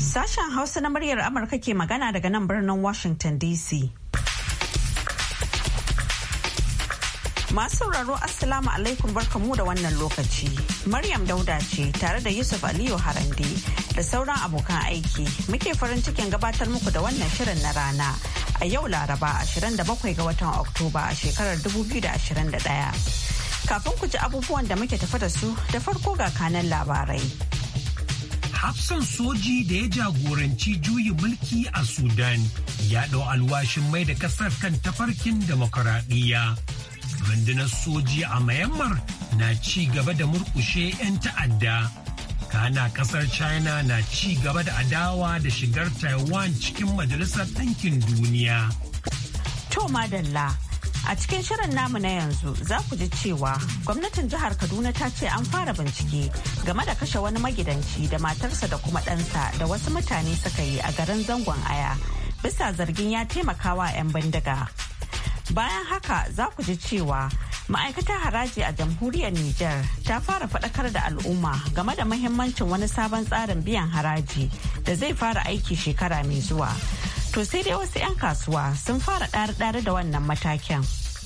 Sashen Hausa na muryar Amurka ke magana daga nan birnin Washington DC. Masu sauraro Assalamu alaikum barkamu da wannan lokaci. Maryam Dauda ce tare da Yusuf Aliyu Harande da sauran abokan aiki muke farin cikin gabatar muku da wannan shirin na rana a yau Laraba 27 ga watan Oktoba a shekarar 2021. Kafin ku ji abubuwan da muke tafa da su da farko ga kanan labarai. Hafsan soji da ya jagoranci juyi mulki a Sudan ya ɗau alwashin mai da kasar kan tafarkin demokuraɗiyya. Rundunar soji a Myanmar na ci gaba da murkushe 'yan ta'adda. kana kasar china na ci gaba da adawa da shigar taiwan cikin majalisar ɗinkin duniya to madalla a cikin shirin namu na yanzu za ku ji cewa gwamnatin jihar kaduna ta ce an fara bincike game da kashe wani magidanci da matarsa da kuma ɗansa da wasu mutane suka yi a garin zangon aya bisa zargin ya taimakawa 'yan bindiga bayan haka za ku ji cewa ma'aikatar haraji a jamhuriyar Nijar ta fara faɗakar da al'umma game da mahimmancin wani sabon tsarin biyan haraji da zai fara aiki shekara mai zuwa. To sai dai wasu 'yan kasuwa sun fara ɗare-ɗare da wannan matakin.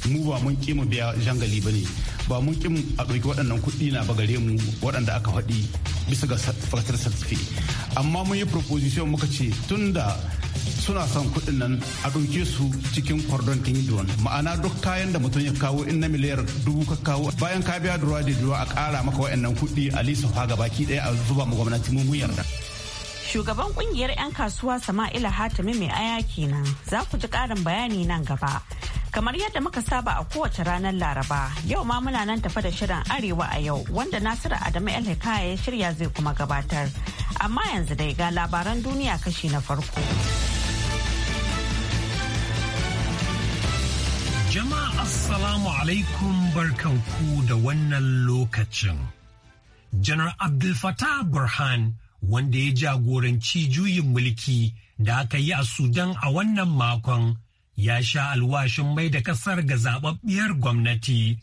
mu ba mun ƙi mu biya jangali ba ne ba mun ƙi a ɗauki waɗannan kuɗi na ba gare mu waɗanda aka faɗi bisa ga fatar certificate amma mun yi proposition muka ce tun da suna son kuɗin nan a ɗauke su cikin kwardon kingdom ma'ana duk kayan da mutum ya kawo in na miliyar dubu ka kawo bayan ka biya duwa da duwa a kara maka wa'annan kuɗi a lisa fa baki ɗaya a zuba mu gwamnati mu yarda. shugaban kungiyar 'yan kasuwa sama'ila hatimi mai aya kenan za ku ji ƙarin bayani nan gaba Kamar yadda muka saba a kowace ranar Laraba, yau ma muna nan tafa da shirin Arewa a yau wanda Nasiru Adamu El ya shirya zai kuma gabatar. Amma yanzu dai ga labaran duniya kashi na farko. Jama'a Assalamu alaikum barkanku da wannan lokacin. Janar Abdul Fattah Burhan wanda ya jagoranci juyin mulki da aka yi a Sudan a wannan makon ya sha alwashin mai da kasar ga zababbiyar gwamnati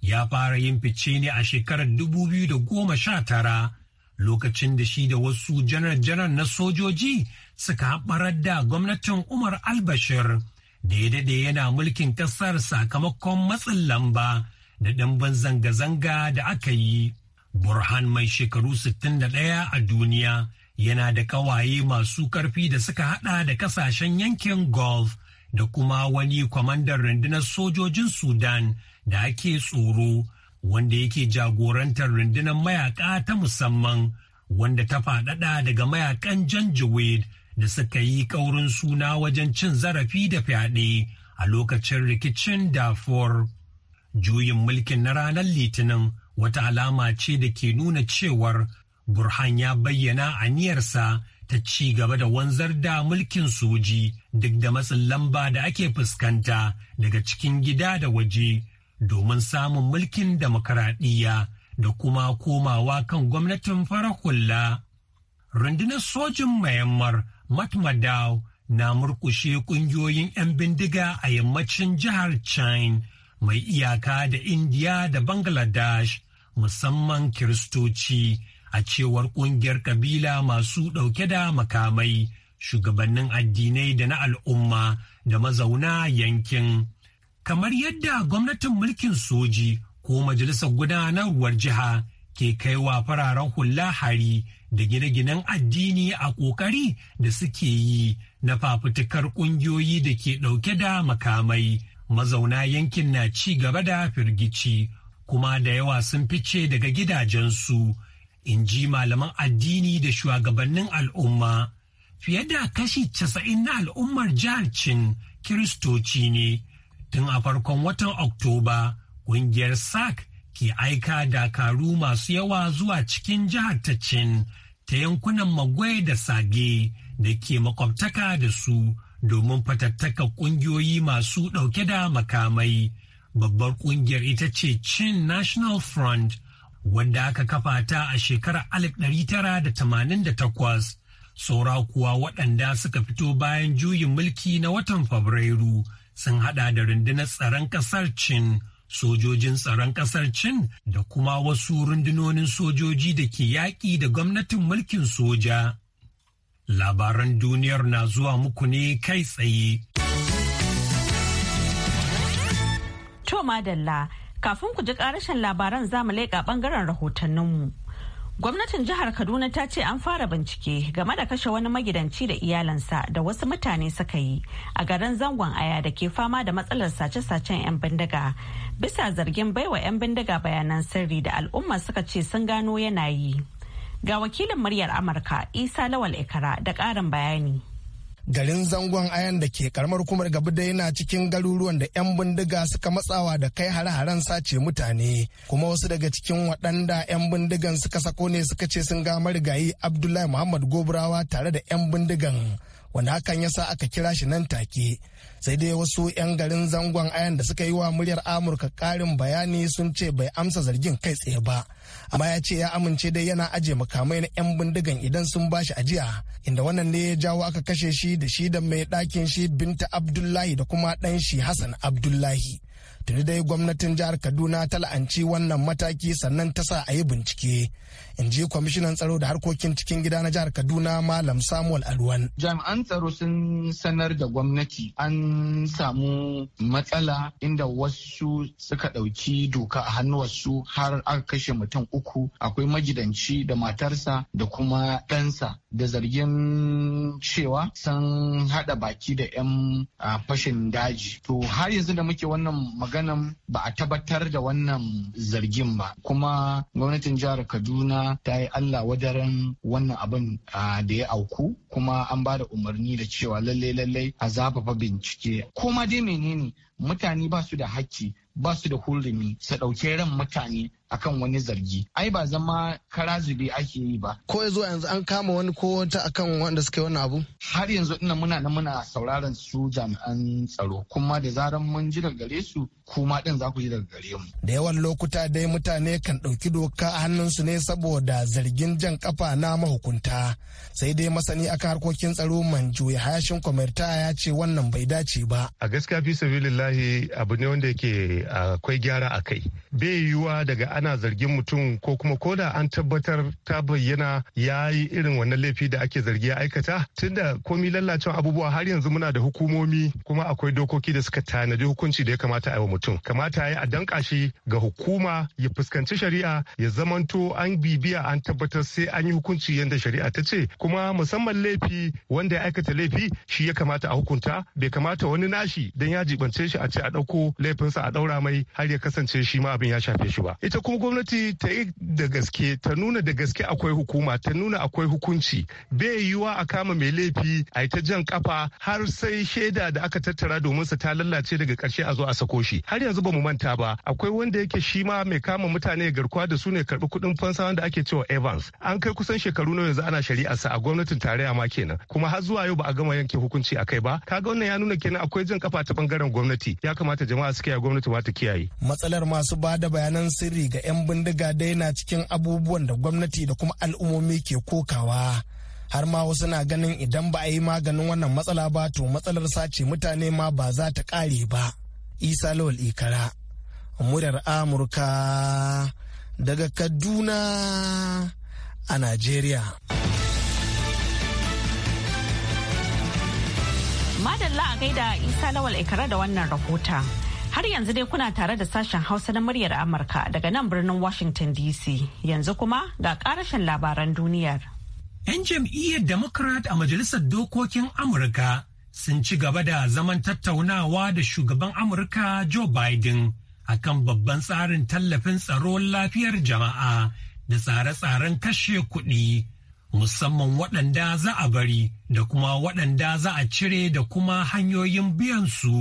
ya fara yin fice ne a shekarar 2019 lokacin da shi da wasu janar-janar na sojoji suka haɓarar da gwamnatin umar albashir da ya dade yana mulkin kasar sakamakon matsin lamba da ɗanban zanga-zanga da aka yi burhan mai shekaru 61 a duniya yana da kawaye masu ƙarfi da suka haɗa da kasashen yankin golf da kuma wani kwamandan rundunar sojojin Sudan da ake tsoro wanda yake jagorantar rundunar mayaka ta musamman wanda ta faɗaɗa daga mayakan janjaweed da suka yi ƙaurin suna wajen cin zarafi da fyaɗe a lokacin rikicin dafor Juyin mulkin na ranar Litinin wata alama ce da ke nuna cewar Burhan ya bayyana aniyarsa ta ci gaba da wanzar da mulkin soji duk da matsin lamba da ake fuskanta daga cikin gida da waje domin samun mulkin demokaradiyya da kuma komawa kan gwamnatin fara hula. Rundunar sojin Myanmar Matmadaw na murkushe kungiyoyin 'yan bindiga a yammacin jihar China mai iyaka da India da Bangladesh musamman Kiristoci a cewar ƙungiyar kabila masu ɗauke da makamai shugabannin addinai da na al'umma da mazauna yankin. Kamar yadda gwamnatin mulkin soji ko majalisar gudanarwar jiha ke kaiwa fararen hula hari da gine-ginen addini a ƙoƙari da suke yi na fafutukar ƙungiyoyi da ke ɗauke da makamai. Mazauna yankin na ci gaba da firgici, kuma da yawa sun fice daga gidajensu. in ji malaman addini da shugabannin al'umma fiye da kashi casa'in na al'ummar jihar cin kiristoci ne tun a farkon watan oktoba ƙungiyar sac ke aika dakaru masu yawa zuwa cikin jihar ta cin ta yankunan magwai da sage da ke makwabtaka da su domin fatattaka ƙungiyoyi masu ɗauke da makamai babbar ƙungiyar ita ce cin national front wanda aka kafa ta a shekarar 1988 saura kuwa waɗanda suka fito bayan juyin mulki na watan Fabrairu sun hada da rundunar tsaron ƙasar Cin, sojojin tsaron ƙasar Cin da kuma wasu rundunonin sojoji da ke yaƙi da gwamnatin mulkin soja. Labaran duniyar na zuwa muku ne kai tsaye. To madalla Kafin ku ji karashin labaran zamu leƙa bangaren rahotanninmu. Gwamnatin jihar Kaduna ta ce an fara bincike game da kashe wani magidanci da iyalansa da wasu mutane suka yi a garin zangon aya da ke fama da matsalar sace-sacen 'yan bindiga. Bisa zargin baiwa 'yan bindiga bayanan sirri da al'umma suka ce sun gano yana yi. Ga wakilin muryar Amurka Isa Lawal Ikara da ƙarin bayani. garin zangon ayan da ke karamar kumar gabu da yana cikin garuruwan da 'yan bindiga suka matsawa da kai hare-haren sace mutane kuma wasu daga cikin waɗanda 'yan bindigan suka sako ne suka ce sun ga marigayi abdullahi muhammad gobrawa tare da 'yan bindigan wanda hakan ya sa aka kira shi nan take sai dai wasu 'yan garin zangon ayan da suka yi wa muryar amurka karin bayani sun ce bai amsa zargin kai tsaye ba amma ya ce ya amince dai yana aje makamai na 'yan bindigan idan sun ba shi ajiya inda wannan ne ya jawo aka kashe shi da shi da mai ɗakin shi binta abdullahi da kuma ɗan shi hassan abdullahi tuni dai gwamnatin jihar kaduna ta la'anci wannan mataki sannan ta sa a yi bincike in ji kwamishinan tsaro da harkokin cikin gida na jihar kaduna malam samuel alwan jami'an tsaro sun sanar da gwamnati an samu matsala inda wasu suka ɗauki doka a hannuwarsu har aka kashe mutum uku akwai majidanci da matarsa da kuma ɗansa da zargin cewa sun haɗa baki da 'yan ah, fashin daji to har yanzu da muke wannan maganan ba a tabbatar da wannan zargin ba kuma gwamnatin jihar kaduna ta yi allah wadaren wannan abin da ya auku kuma an ba da umarni da cewa lallai lallai a zafafa bincike koma dai menene mutane ba su da hakki ba su da hurumi su ɗauke ran mutane akan wani zargi ai ba zama kara zube ake yi ba ko yanzu yanzu an kama wani ko wata akan wanda suka yi wani abu har yanzu ina muna nan muna sauraron su jami'an tsaro kuma da zaran mun ji daga gare su kuma din za ku ji daga gare mu da yawan lokuta dai mutane kan ɗauki doka a hannunsu ne saboda zargin jan kafa na mahukunta sai dai masani akan harkokin tsaro manju ya hayashin kwamirta ya ce wannan bai dace ba a gaskiya fi sabilillahi abu ne wanda yake akwai gyara a kai bai yiwuwa daga ana zargin mutum ko kuma koda an tabbatar ta bayyana ya yi irin wannan laifi da ake zargi ya aikata tunda komi lallacin abubuwa har yanzu muna da hukumomi kuma akwai dokoki da suka tanadi hukunci da ya kamata a yi wa mutum kamata ya a shi ga hukuma ya fuskanci shari'a ya zamanto an bibiya an tabbatar sai an yi hukunci yadda shari'a ta ce kuma musamman laifi wanda ya aikata laifi shi ya kamata a hukunta bai kamata wani nashi dan ya jibance shi a ce a ɗauko laifinsa a ɗaura mai har ya kasance shi ma abin ya shafe shi ba ita kuma gwamnati ta yi da gaske ta nuna da gaske akwai hukuma ta nuna akwai hukunci bai yiwuwa a kama mai laifi a ta jan kafa har sai shaida da aka tattara domin sa ta lallace daga karshe a zo a sako shi har yanzu bamu manta ba akwai wanda yake shi ma mai kama mutane garkuwa da su ne karbi kudin fansa wanda ake cewa Evans an kai kusan shekaru na yanzu ana shari'a sa a gwamnatin tarayya ma kenan kuma har zuwa yau ba a gama yanke hukunci a kai ba kaga wannan ya nuna kenan akwai jan kafa ta bangaren gwamnati ya kamata jama'a su kiyaye gwamnati ba ta kiyaye matsalar masu ba ba da bayanan sirri ga 'yan bindiga da yana cikin abubuwan da gwamnati da kuma al'ummomi ke kokawa har ma wasu na ganin idan ba a yi maganin wannan matsala ba to matsalar sace mutane ma ba za ta kare ba isa lawal ikara muryar amurka daga kaduna a nigeria. madalla a gaida isa lawal ikara da wannan rahota. Har yanzu dai kuna tare da sashen Hausa na muryar Amurka daga nan birnin Washington DC. Yanzu kuma ga karashin labaran duniyar. 'Yan jam'iyyar Democrat a Majalisar Dokokin Amurka sun ci gaba da zaman tattaunawa da shugaban Amurka Joe Biden akan babban tsarin tallafin tsaron lafiyar jama'a da tsare-tsaren kashe kuɗi. musamman waɗanda za a bari da kuma waɗanda za a cire da kuma hanyoyin biyan su.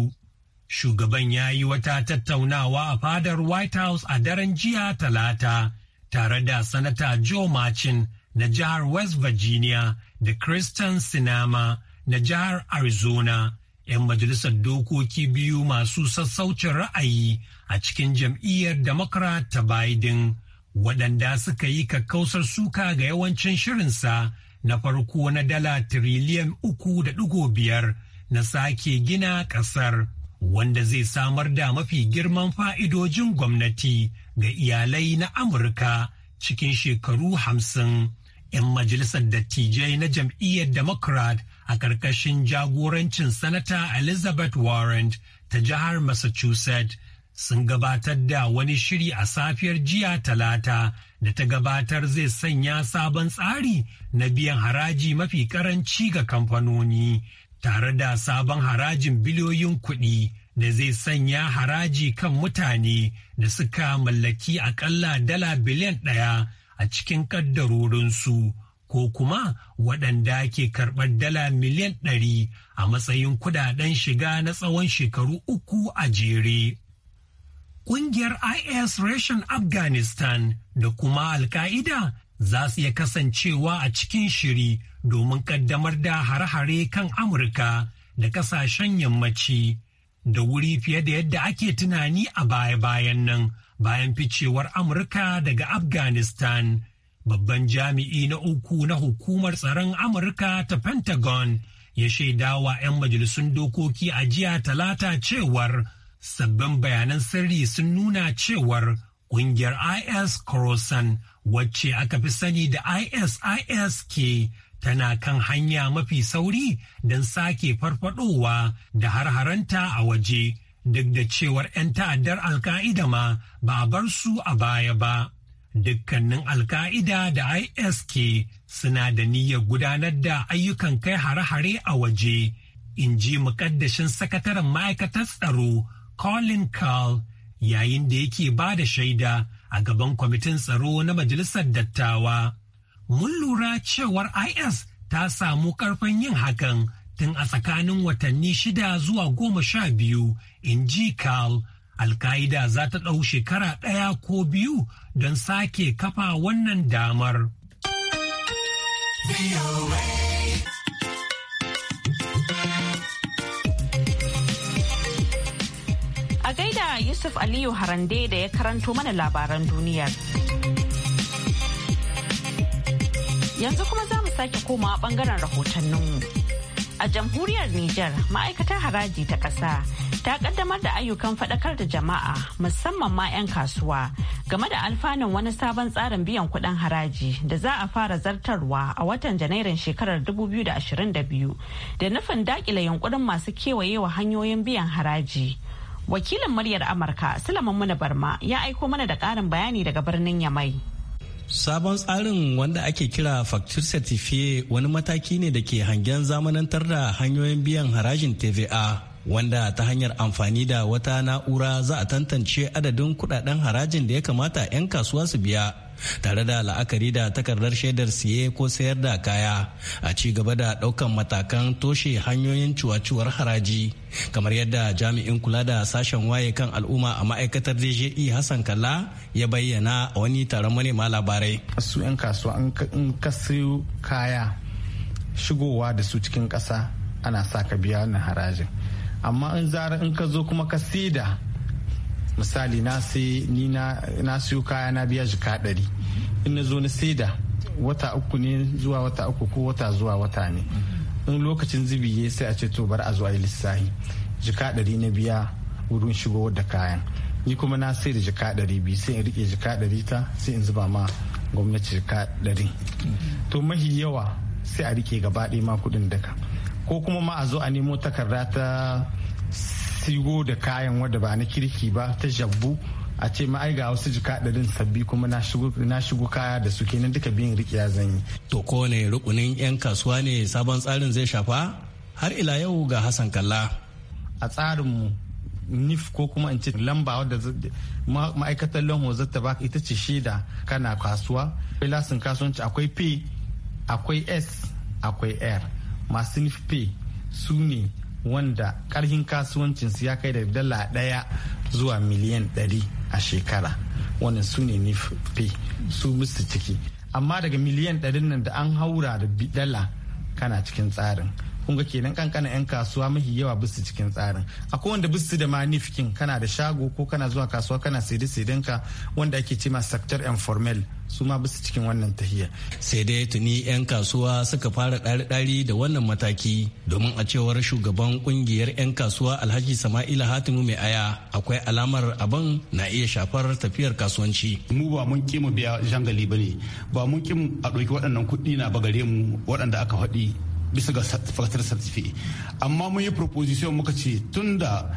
shugaban ya yi wata tattaunawa a fadar White House a daren jiya talata tare da Sanata Joe Machin na jihar West Virginia da Kristen Sinama na jihar Arizona, 'yan majalisar dokoki biyu masu sassaucin ra'ayi a cikin jam'iyyar Democrat ta Biden, waɗanda suka yi kakkausar suka ga yawancin shirinsa na farko na dala tiriliyan uku da ɗigo biyar na sake gina ƙasar. wanda zai samar da mafi girman fa'idojin gwamnati ga iyalai na Amurka cikin shekaru hamsin. 'Yan majalisar dattijai na jam'iyyar Democrat a ƙarƙashin jagorancin Sanata Elizabeth Warren ta jihar Massachusetts sun gabatar da wani shiri a safiyar jiya talata da ta gabatar zai sanya sabon tsari na biyan haraji mafi karanci ga kamfanoni tare da sabon harajin biliyoyin kuɗi da zai sanya haraji kan mutane da suka mallaki akalla dala biliyan ɗaya a cikin ƙaddarorinsu ko kuma waɗanda ke karɓar dala miliyan ɗari a matsayin kudaden shiga na tsawon shekaru uku a jere. Ƙungiyar IS Russian Afghanistan da kuma al qaeda za su iya kasancewa a cikin shiri domin kaddamar da hare-hare kan Amurka da kasashen yammaci da wuri fiye da yadda ake tunani a baya-bayan nan bayan ficewar Amurka daga Afghanistan. Babban jami'i na uku na hukumar tsaron Amurka ta Pentagon ya shaidawa 'yan majalisun dokoki a jiya talata cewar sabbin bayanan sirri sun nuna cewar ƙungiyar IS crosan wacce aka fi sani da ISIS ke tana kan hanya mafi sauri don sake farfadowa da harharanta a waje duk da cewar 'yan ta'addar alka'ida ma ba a bar su a baya ba. Dukkanin alka'ida da ISK suna da niyyar gudanar da ayyukan kai hare-hare a waje, in ji mukaddashin sakataren ma'aikatar tsaro Colin Carl yayin da yake ba da shaida a gaban kwamitin tsaro na majalisar dattawa. Mun lura cewar IS ta samu karfin yin hakan tun a tsakanin watanni shida zuwa goma sha biyu, in ji Carl. Alka'ida za ta ɗau shekara ɗaya ko biyu don sake kafa wannan damar. A gaida Yusuf Aliyu Harande da ya karanto mana labaran duniyar. Yanzu kuma za mu sake komawa bangaren rahotanninmu. A jamhuriyar Nijar, ma'aikatar haraji ta ƙasa ta ƙaddamar da ayyukan faɗakar da jama'a musamman ma 'yan kasuwa game da alfanun wani sabon tsarin biyan kuɗin haraji da za a fara zartarwa a watan janairun shekarar 2022 da nufin dakile yunkurin masu kewayewa hanyoyin biyan haraji. Wakilin muryar Amurka Sulaiman Muna Barma ya aiko mana da karin bayani daga birnin Yamai. Sabon tsarin wanda ake kira facture certifié wani mataki ne da ke hangen zamanantar da hanyoyin biyan harajin TVA wanda ta hanyar amfani da wata na'ura za a tantance adadin kudaden harajin da ya kamata 'yan kasuwa su biya. tare da la'akari da takardar shaidar siye ko sayar da kaya a ci gaba da ɗaukan matakan toshe hanyoyin cuwa-cuwar haraji kamar yadda jami'in kula da sashen waye kan al'umma a ma'aikatar dje hassan kalla ya bayyana a wani taron manema labarai su 'yan kasuwa in ka kaya shigowa da su cikin ƙasa ana sa ka biya wannan harajin amma in zara in ka zo kuma ka sida misali na sai siyo kaya na biya jika ɗari in na zo na saida wata uku ne zuwa wata uku ko wata zuwa wata ne in lokacin zubi ya sai a ce to bar a zuwa yi lissahi jika ɗari na biya wurin shigo da kayan ni kuma na sai da jika ɗari biyu sai in rike jika ɗari ta sai in zuba ma gwamnati jika ɗari to mahi yawa sai a rike gaba ɗaya ma kuɗin daka ko kuma ma a zo a nemo takarda ta sigo da kayan wadda ba na kirki ba ta jabbu a ce ai ga wasu jika ɗarin sabbi kuma na shigo kaya da su kenan duka biyan rikiya zan yi. To ko ne rukunin 'yan kasuwa ne sabon tsarin zai shafa? Har ila yau ga Hassan Kalla. A tsarinmu nif ko kuma in ce lamba wadda ma'aikatar lanho zata baka ita ce shaida kana kasuwa. Lasin kasuwanci akwai P, akwai S, akwai R. Masu nif P su ne wanda karhin kasuwancinsu ya kai da dala ɗaya zuwa miliyan ɗari a shekara wannan su ne nufi su musu ciki amma daga miliyan ɗarin nan da an haura da dala kana cikin tsarin kun ga kenan kankana yan kasuwa mahi yawa bisu cikin tsarin akwai wanda bisu da manifikin kana da shago ko kana zuwa kasuwa kana saide ka wanda ake cema sector informal su ma bisu cikin wannan tahiya sai dai tuni yan kasuwa suka fara ɗari-ɗari da wannan mataki domin a cewar shugaban kungiyar yan kasuwa alhaji sama'ila hatimu mai aya akwai alamar abin na iya shafar tafiyar kasuwanci mu ba mun kima biya jangali ba ne ba mun kima a ɗauki waɗannan kuɗi na bagare mu waɗanda aka faɗi bisa ga fatar certificate amma mun yi proposition muka ce tunda. da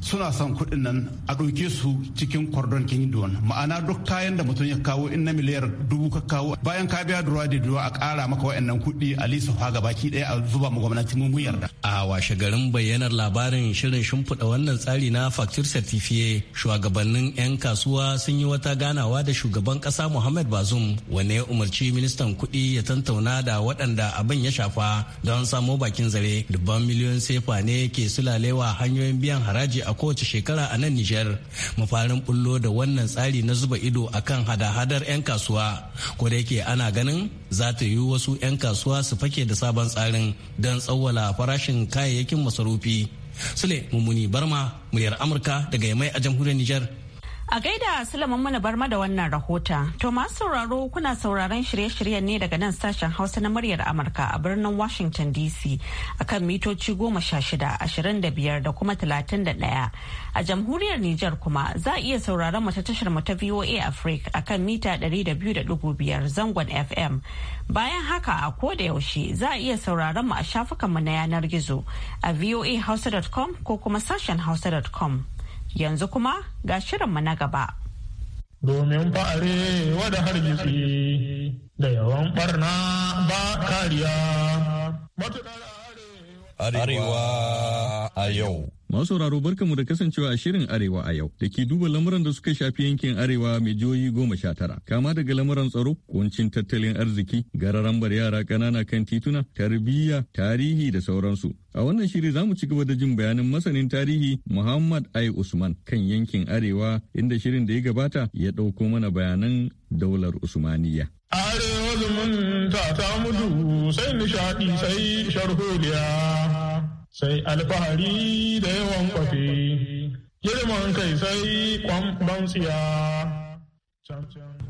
suna son kuɗin nan a ɗauke su cikin kwardon kin duwan ma'ana duk kayan da mutum ya kawo in na miliyar dubu ka kawo bayan ka biya duwa da duwa a ƙara maka wa'annan kuɗi a lisa fa baki ɗaya a zuba mu gwamnati mun yarda. a washe garin bayyanar labarin shirin shimfiɗa wannan tsari na facture certifiye shugabannin 'yan kasuwa sun yi wata ganawa da shugaban kasa muhammad bazum wanne ya umarci ministan kuɗi ya tantauna da waɗanda abin ya shafa don samo bakin zare dubban miliyon sefa ne ke sulalewa hanyoyin biyan haraji a a kowace shekara a nan Nijar. Mafarin bullo da wannan tsari na zuba ido akan hada-hadar 'yan kasuwa, ko da yake ana ganin za ta yi wasu 'yan kasuwa su fake da sabon tsarin don tsawwala farashin kayayyakin masarufi. Sule Mummuni Barma, muryar Amurka daga Yamai a jamhuriyar Nijar. A gaida Sulaiman mana barma da wannan rahota. To masu sauraro kuna sauraron shirye-shiryen ne daga nan sashen Hausa na muryar Amurka a birnin Washington DC kan mitoci goma sha shida, ashirin da biyar da kuma talatin da ɗaya. A jamhuriyar Nijar kuma za a iya sauraron mu ta tashar mu ta VOA Africa a kan mita ɗari da biyu da ɗigo biyar zangon FM. Bayan haka a ko da yaushe za a iya sauraron mu a shafukanmu na yanar gizo a voahausa.com ko kuma sashen hausa.com. Yanzu kuma ga shirin shirinmu na gaba. Domin fa'are wada hargitsi da yawan barna ba kariya. Arewa a yau. Masu sauraro mu da kasancewa a shirin Arewa a yau da ke duba lamuran da suka shafi yankin Arewa mai jihohi goma sha tara. Kama daga lamuran tsaro, kuncin tattalin arziki, gararan bar yara ƙanana kan tituna, tarbiyya, tarihi da sauransu. A wannan shiri za mu ci gaba da jin bayanin masanin tarihi Muhammad Ai Usman kan yankin Arewa inda shirin da ya gabata ya ɗauko mana bayanan daular Usmaniya. Arewa zumunta ta mudu sai nishaɗi sai sharholiya. sai alfahari da yawan kwafi, girman kai sai kwamban tsiya.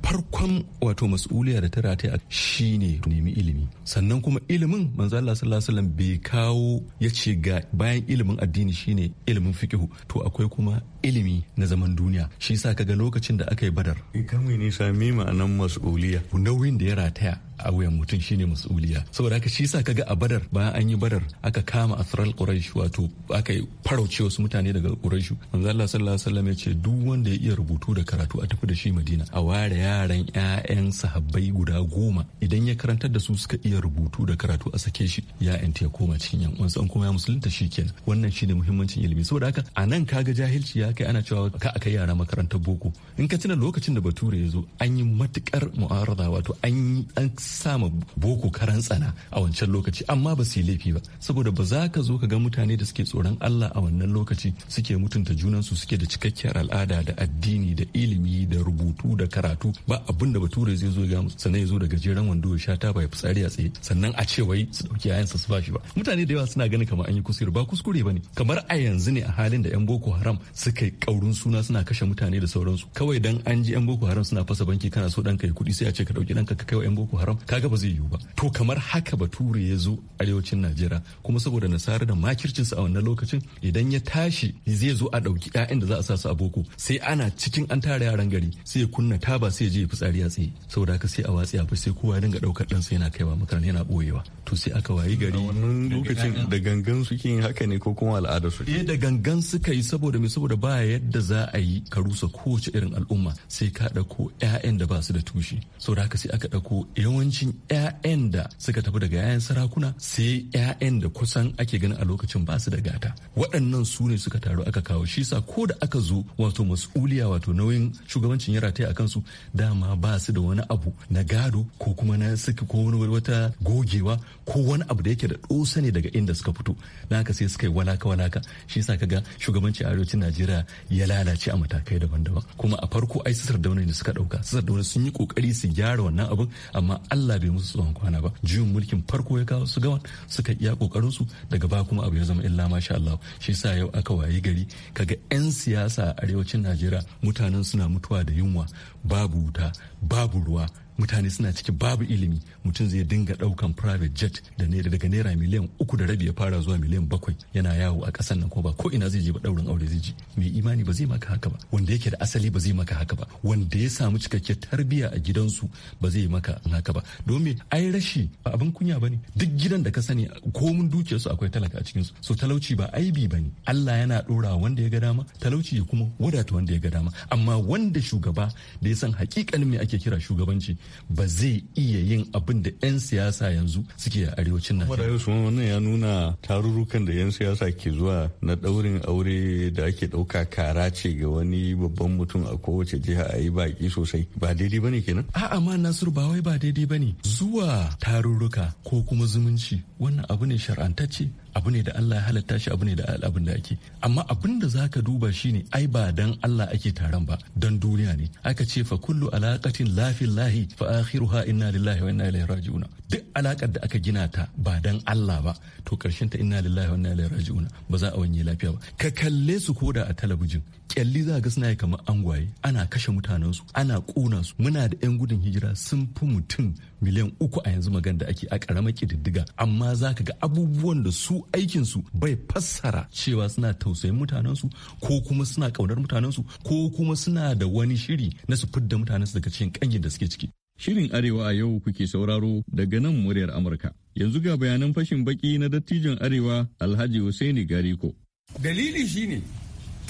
farkon wato mas'uliya da ta rataya shi ne nemi ilimi sannan kuma ilimin manzo Allah sallallahu alaihi bai kawo ya ce ga bayan ilimin addini shine ilimin fiqh to akwai kuma ilimi na zaman duniya shi yasa kaga lokacin da aka yi badar kamar ne sami ma'anan mas'uliya nauyin da ya rataya a wuyan mutum shine mas'uliya saboda haka shi yasa kaga a badar bayan an yi badar aka kama asral quraish wato aka farauce wasu mutane daga quraish manzo Allah sallallahu alaihi ya ce duk wanda ya iya rubutu da karatu a tafi da shi Madina a ware yaran 'ya'yan sahabbai guda goma idan ya karantar da su suka iya rubutu da karatu a sake shi ya ta ya koma cikin yan uwansa an kuma ya musulunta shi kenan wannan shi ne muhimmancin ilimi saboda haka a nan ga jahilci ya kai ana cewa ka aka yara makarantar boko in ka tuna lokacin da bature ya zo an yi matukar mu'arada wato an yi an sama boko karan tsana a wancan lokaci amma ba su yi laifi ba saboda ba za ka zo ka ga mutane da suke tsoron Allah a wannan lokaci suke mutunta junan su suke da cikakkiyar al'ada da addini da ilimi da rubutu da karatu ba abin da bature zai zo ya sannan ya zo da gajeren wando ya sha taba ya fitsari a tsaye sannan a ce wai su dauki yayan su shi ba mutane da yawa suna ganin kamar an yi kusuri ba kuskure bane kamar a yanzu ne a halin da yan boko haram suka yi kaurin suna suna kashe mutane da sauransu kawai dan an ji yan boko haram suna fasa banki kana so dan kai kuɗi sai a ce ka dauki dan ka kai wa yan boko haram kaga ba zai yiwu ba to kamar haka bature ya zo arewacin najeriya kuma saboda nasara da makircinsa a wannan lokacin idan ya tashi zai zo a dauki 'ya'yan da za a sa su a boko sai ana cikin an tara yaran gari sai ya kunna taba sai je fitsari a tsaye saboda haka sai a watsi a sai kowa ya dinga daukar dan sai yana kaiwa makaranta yana boyewa to sai aka wayi gari wannan lokacin da gangan su yin haka ne ko kuma al'ada su eh da gangan suka yi saboda me saboda ba yadda za a yi ka rusa kowace irin al'umma sai ka dauko ƴaƴan da ba su da tushe saboda haka sai aka dauko yawancin ƴaƴan da suka tafi daga ƴaƴan sarakuna sai ƴaƴan da kusan ake ganin a lokacin ba su da gata waɗannan su ne suka taru aka kawo shi sa ko da aka zo wato mas'uliya wato nauyin shugabancin yara ta a kansu dama ba su da wani abu na gado ko kuma na suka ko wani wata gogewa ko wani abu da yake da dosa ne daga inda suka fito na haka sai suka yi walaka walaka shi yasa kaga shugabanci arewacin Najeriya ya lalace a matakai daban-daban kuma a farko ai su wani ne suka dauka su wani sun yi kokari su gyara wannan abin amma Allah bai musu tsohon kwana ba juyin mulkin farko ya kawo su gawan suka iya kokarin su daga ba kuma abu ya zama illa masha Allah shi yasa yau aka wayi gari kaga 'yan siyasa a arewacin Najeriya mutanen suna mutuwa da yunwa babu wuta babu ruwa mutane suna cikin babu ilimi mutum zai dinga daukan private jet da ne daga naira miliyan uku da rabi ya fara zuwa miliyan bakwai yana yawo a kasan nan ko ba ko ina zai je ba daurin aure zai je mai imani ba zai maka haka ba wanda yake da asali ba zai maka haka ba wanda ya samu cikakken tarbiyya a gidansu ba zai maka haka ba domin ai rashi ba abin kunya bane duk gidan da ka sani komun dukiyarsu akwai talaka a su so talauci ba aibi bane Allah yana dora wanda ya ga dama talauci ya kuma wadata wanda ya ga dama amma wanda shugaba da ya san hakikanin me ake kira shugabanci ba zai iya yin abin da 'yan siyasa yanzu suke a arewacin Najeriya. Kuma wannan ya nuna tarurrukan da 'yan siyasa ke zuwa na daurin aure da ake ɗauka kara ce ga wani babban mutum a kowace jiha a yi baki sosai ba daidai bane kenan? A'a ma Nasiru ba wai ba daidai bane zuwa tarurruka ko kuma zumunci wannan abu ne shar'antacce abu ne da Allah ya halatta shi abu ne da abin da ake amma abin da zaka duba shine ai ba dan Allah ake taron ba dan duniya ne aka ce fa kullu alaqatin la fillahi fa akhiruha inna lillahi wa inna ilaihi raji'un duk alakar da aka gina ta ba dan Allah ba to karshen ta inna lillahi wa inna ilaihi raji'un ba za a wanye lafiya ba ka kalle su koda a talabijin kyalli za ga suna yi kamar angwaye ana kashe mutanensu ana ƙona su muna da 'yan gudun hijira sun fi mutum miliyan uku a yanzu magan da ake a ƙaramar ƙididdiga amma za ka ga abubuwan da su aikinsu bai fassara cewa suna tausayin mutanensu ko kuma suna ƙaunar mutanensu ko kuma suna da wani shiri na su fidda mutanensu daga cikin ƙangin da suke ciki. Shirin Arewa a yau kuke sauraro daga nan muryar Amurka. Yanzu ga bayanan fashin baki na dattijon Arewa Alhaji Hussaini Gariko. Dalili shine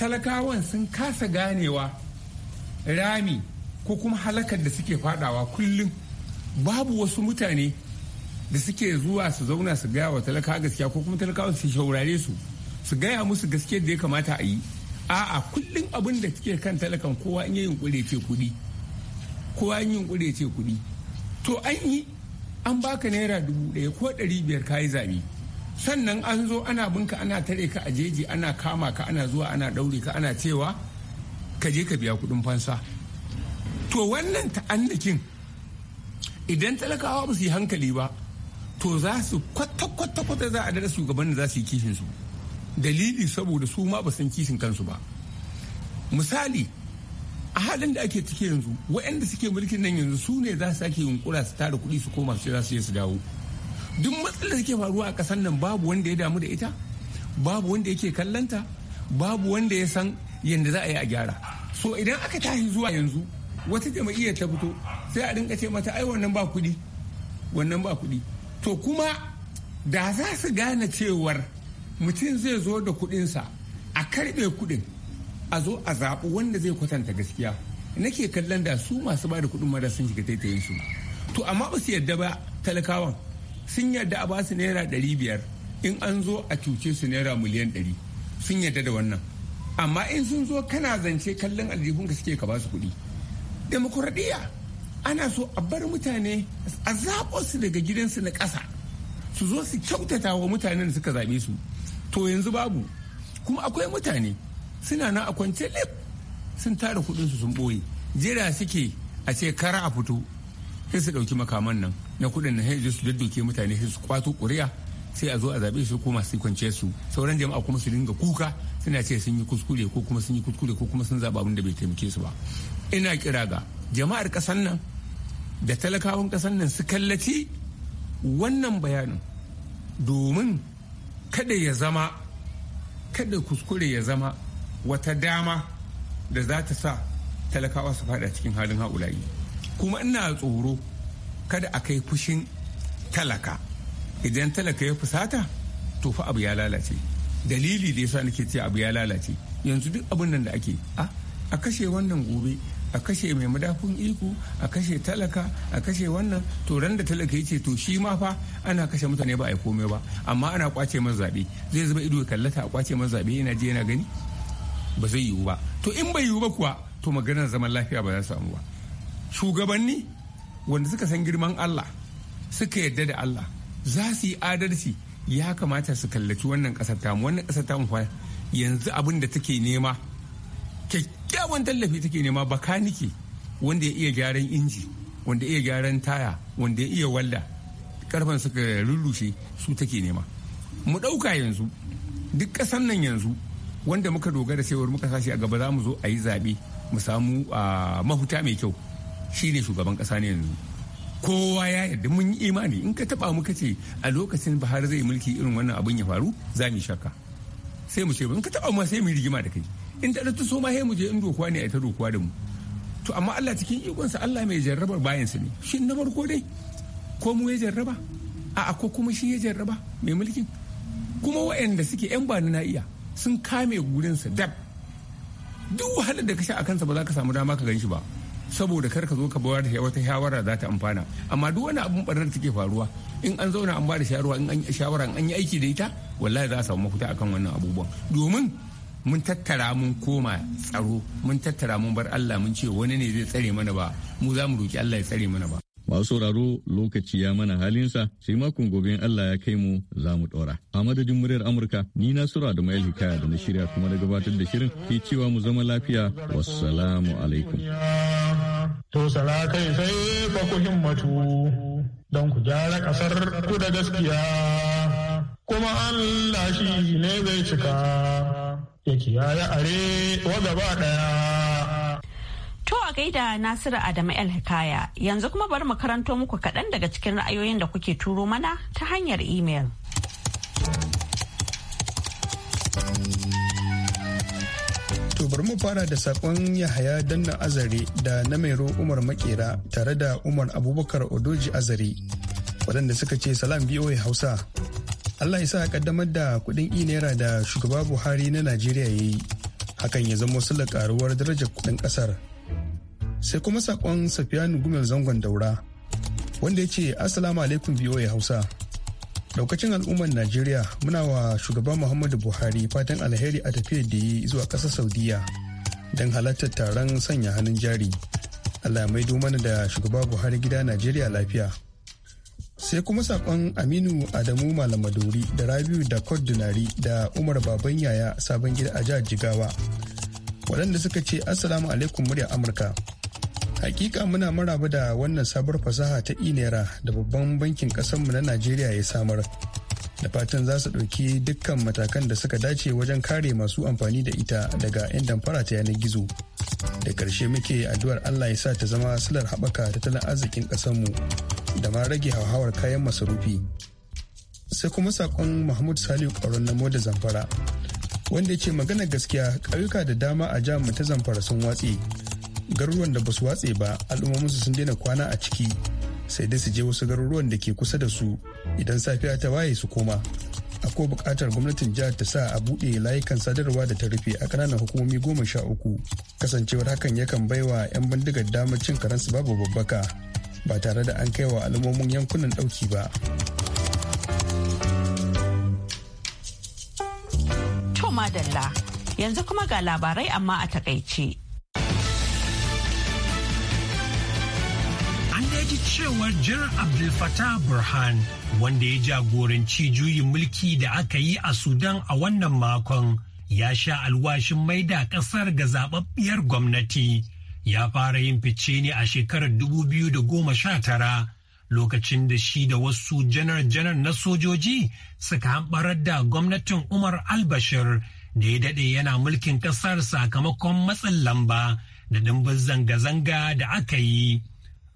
talakawan sun kasa ganewa rami ko kuma halakar da suke fadawa kullum babu wasu mutane da suke zuwa su zauna su gaya wa talaka gaskiya ko kuma talakawan su shaurare su su gaya musu gaskiyar da ya kamata a yi a'a kullum abin da suke kan talakan kowa in yi yunkuri ce kuɗi kowa in ce kuɗi to an yi an baka naira dubu daya ko ɗari biyar kayi zabe sannan an zo ana binka ana tare ka a jeji ana kama ka ana zuwa ana daure ka ana cewa ka je ka biya kuɗin fansa to wannan ta'annakin idan talakawa ba su yi hankali ba to za su kwata-kwata za a dada shugaban da za su yi kishin su dalili saboda su ma ba san kishin kansu ba misali a halin da ake ciki yanzu waɗanda suke mulkin nan yanzu su ne za su sake yunkura su tara kuɗi su koma su za su je su dawo duk matsalar da ke faruwa a ƙasar nan babu wanda ya damu da ita babu wanda yake kallanta babu wanda ya san yadda za a yi a gyara so idan aka tashi zuwa yanzu wata jama'iyyar ta fito sai a dinka ce mata ai wannan ba kuɗi wannan ba kuɗi to kuma da za su gane cewar mutum zai zo da kuɗinsa a karɓe kuɗin a zo a zaɓi wanda zai kwatanta gaskiya nake kallon da su masu ba da kuɗin mara sun shiga taitayin su to amma ba su yadda ba talakawan sun yarda a basu naira ɗari biyar in an zo a cuce su naira miliyan ɗari sun yarda da wannan amma in sun zo kana zance kallon aljihunka suke ka basu kuɗi demokuraɗiyya ana so a bar mutane a zaɓo su daga gidansu na ƙasa su zo su kyautata wa mutanen da suka zaɓe su to yanzu babu kuma akwai mutane suna na a kwance lef sun tara su sun ɓoye jira suke a ce kara a fito sai su ɗauki makaman nan na kudin na sai su daddoke mutane sai su kwato ƙuri'a sai a zo a zaɓe su ko masu kwance su sauran jama'a kuma su dinga kuka suna ce sun yi kuskure ko kuma sun yi kuskure ko kuma sun zaɓa abin da bai taimake su ba ina kira ga jama'ar kasan nan da talakawan kasan nan su kallaci wannan bayanin domin kada ya zama kada kuskure ya zama wata dama da za ta sa talakawa su fada cikin halin haulayi kuma ina tsoro kada a kai fushin talaka idan talaka ya fusata to fa abu ya lalace dalili da yasa nake ce abu ya lalace yanzu duk abun nan da ake a a kashe wannan gobe a kashe mai madafun iko a kashe talaka a kashe wannan to ran da talaka ya ce to shi ma fa ana kashe mutane ba a yi komai ba amma ana kwace masa zabe zai zuba ido kallata a kwace masa zaɓe yana je yana gani ba zai yiwu ba to in bai yiwu ba kuwa to maganar zaman lafiya ba za su samu ba shugabanni wanda suka san girman Allah suka yarda da Allah za su yi adalci ya kamata su kallaci wannan kasar tamu wannan kasar tamu fa yanzu abin da take nema kyakkyawan tallafi take nema bakaniki wanda ya iya gyaran inji wanda ya iya gyaran taya wanda ya iya walda karfan suka rurrushe su take nema mu ɗauka yanzu duk ƙasan nan yanzu wanda muka dogara cewar muka sashi a gaba za mu zo a yi zaɓe mu samu ah, mahuta mai kyau Shi ne shugaban kasa ne yanzu kowa ya yarda mun yi imani in ka taba muka ce a lokacin bahar zai mulki irin wannan abin ya faru za mu shakka sai mu ce in ka taba ma sai mu rigima da kai in da ta so ma sai mu je in dokuwa ne a ta dokuwa da mu to amma Allah cikin ikonsa Allah mai jarrabar bayansa ne shi na farko dai ko mu ya jarraba a ko kuma shi ya jarraba mai mulkin kuma waɗanda suke yan ba na iya sun kame gurinsa dab duk wahalar da ka sha a kansa ba za ka samu dama ka gan shi ba saboda kar ka zo ka bayar da wata shawara za ta amfana amma duk wani abun barnar take faruwa in an zauna an ba da shawara in an shawara an yi aiki da ita wallahi za a samu mafita akan wannan abubuwan domin mun tattara mun koma tsaro mun tattara mun bar Allah mun ce wani ne zai tsare mana ba mu za mu roki Allah ya tsare mana ba masu sauraro lokaci ya mana halinsa sai makon gobe Allah ya kai mu za mu dora a madadin muryar amurka ni na sura da mayar hikaya da na shirya kuma da gabatar da shirin ke cewa mu zama lafiya wassalamu alaikum To kai sai fa ku himmatu don ku gyara ƙasar ku da gaskiya kuma Allah shi ne zai cika ya kiyaye are wa gaba ɗaya. To a gaida Nasiru Adamu El Hikaya yanzu kuma bari mu karanto muku kaɗan daga cikin ra'ayoyin da kuke turo mana ta hanyar imel. bari mu fara da sakon Yahaya Danna Azare da na Mairo Umar Makera tare da Umar Abubakar Odoji Azare waɗanda suka ce salam BOA Hausa. Allah ya sa kaddamar da kuɗin inera da shugaba Buhari na Najeriya ya yi. Hakan ya zama sulla karuwar darajar kuɗin ƙasar. Sai kuma sakon Safiyanu Gumel Zangon Daura wanda ya ce Assalamu alaikum BOA Hausa. daukacin al'ummar najeriya muna wa shugaban muhammadu buhari fatan alheri a tafiyar da yi zuwa ƙasar saudiya don halartar taron sanya hannun jari allah mai mana da shugaba buhari gida najeriya lafiya sai kuma sakon aminu adamu malamadori da rabiu da kodunari da umar baban yaya sabon gida a jihar jigawa waɗanda suka ce assalamu alaikum murya amurka Hakika muna maraba da wannan sabuwar fasaha ta inera da babban bankin kasanmu na Najeriya ya samar. Da fatan za su ɗauki dukkan matakan da suka dace wajen kare masu amfani da ita daga 'yan damfara ta yanar gizo. Da ƙarshe muke addu'ar Allah ya sa ta zama silar haɓaka tattalin arzikin ƙasarmu da ma rage hauhawar kayan masarufi. Sai kuma saƙon Mahmud Saliu ƙauren na da Zamfara. Wanda ya ce magana gaskiya ƙauyuka da dama a jami'a ta Zamfara sun watse. garuruwan da basu watse ba al'ummominsu sun daina kwana a ciki sai dai su je wasu garuruwan da ke kusa da su idan safiya ta waye su koma akwai bukatar gwamnatin jihar ta sa a buɗe layukan sadarwa da ta rufe a ƙananan hukumomi goma sha uku kasancewar hakan yakan baiwa 'yan bindigar damar cin karansu babu babbaka ba tare da an kai wa al'ummomin yankunan ɗauki ba to madalla yanzu kuma ga labarai amma a takaice cewar jiran Abdul Fattah Burhan wanda ya jagoranci juyin mulki da aka yi a Sudan a wannan makon ya sha alwashin mai da kasar ga zababbiyar gwamnati. Ya fara yin fice ne a shekarar 2019 lokacin da shi da wasu janar-janar na sojoji suka hamɓarar da gwamnatin Umar Albashir da ya dade yana mulkin kasar sakamakon matsin lamba da dimbin zanga-zanga da aka yi.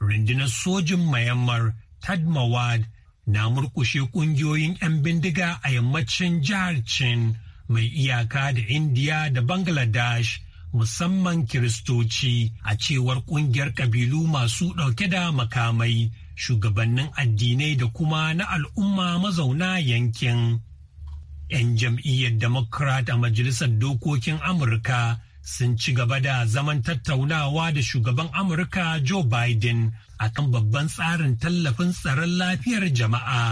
rundunar sojin Myanmar Tadmawad na murkushe kungiyoyin 'yan bindiga a yammacin jihar Chin mai iyaka da India da Bangladesh musamman Kiristoci a cewar kungiyar ƙabilu masu ɗauke da makamai shugabannin addinai da kuma na al'umma mazauna yankin. 'Yan jam'iyyar Democrat a Majalisar Dokokin Amurka sun ci gaba da zaman tattaunawa da shugaban Amurka Joe Biden a kan babban tsarin tallafin tsaron lafiyar jama'a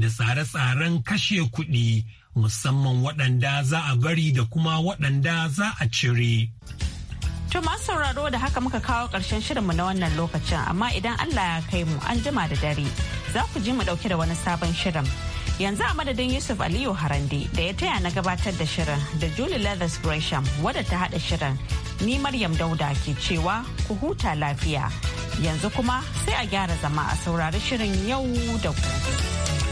da tsare-tsaren kashe kuɗi musamman waɗanda za a bari da kuma waɗanda za a cire. To masu sauraro da haka muka kawo ƙarshen shirinmu na wannan lokacin amma idan Allah ya kai mu an jima da dare za ku ji mu ɗauke da wani sabon shirin. yanzu a madadin yusuf aliyu harande da ya taya na gabatar da shirin da julie leathers gresham wadda ta hada shirin ni maryam dauda ke cewa ku huta lafiya yanzu kuma sai a gyara zama a saurari shirin yau da gobe.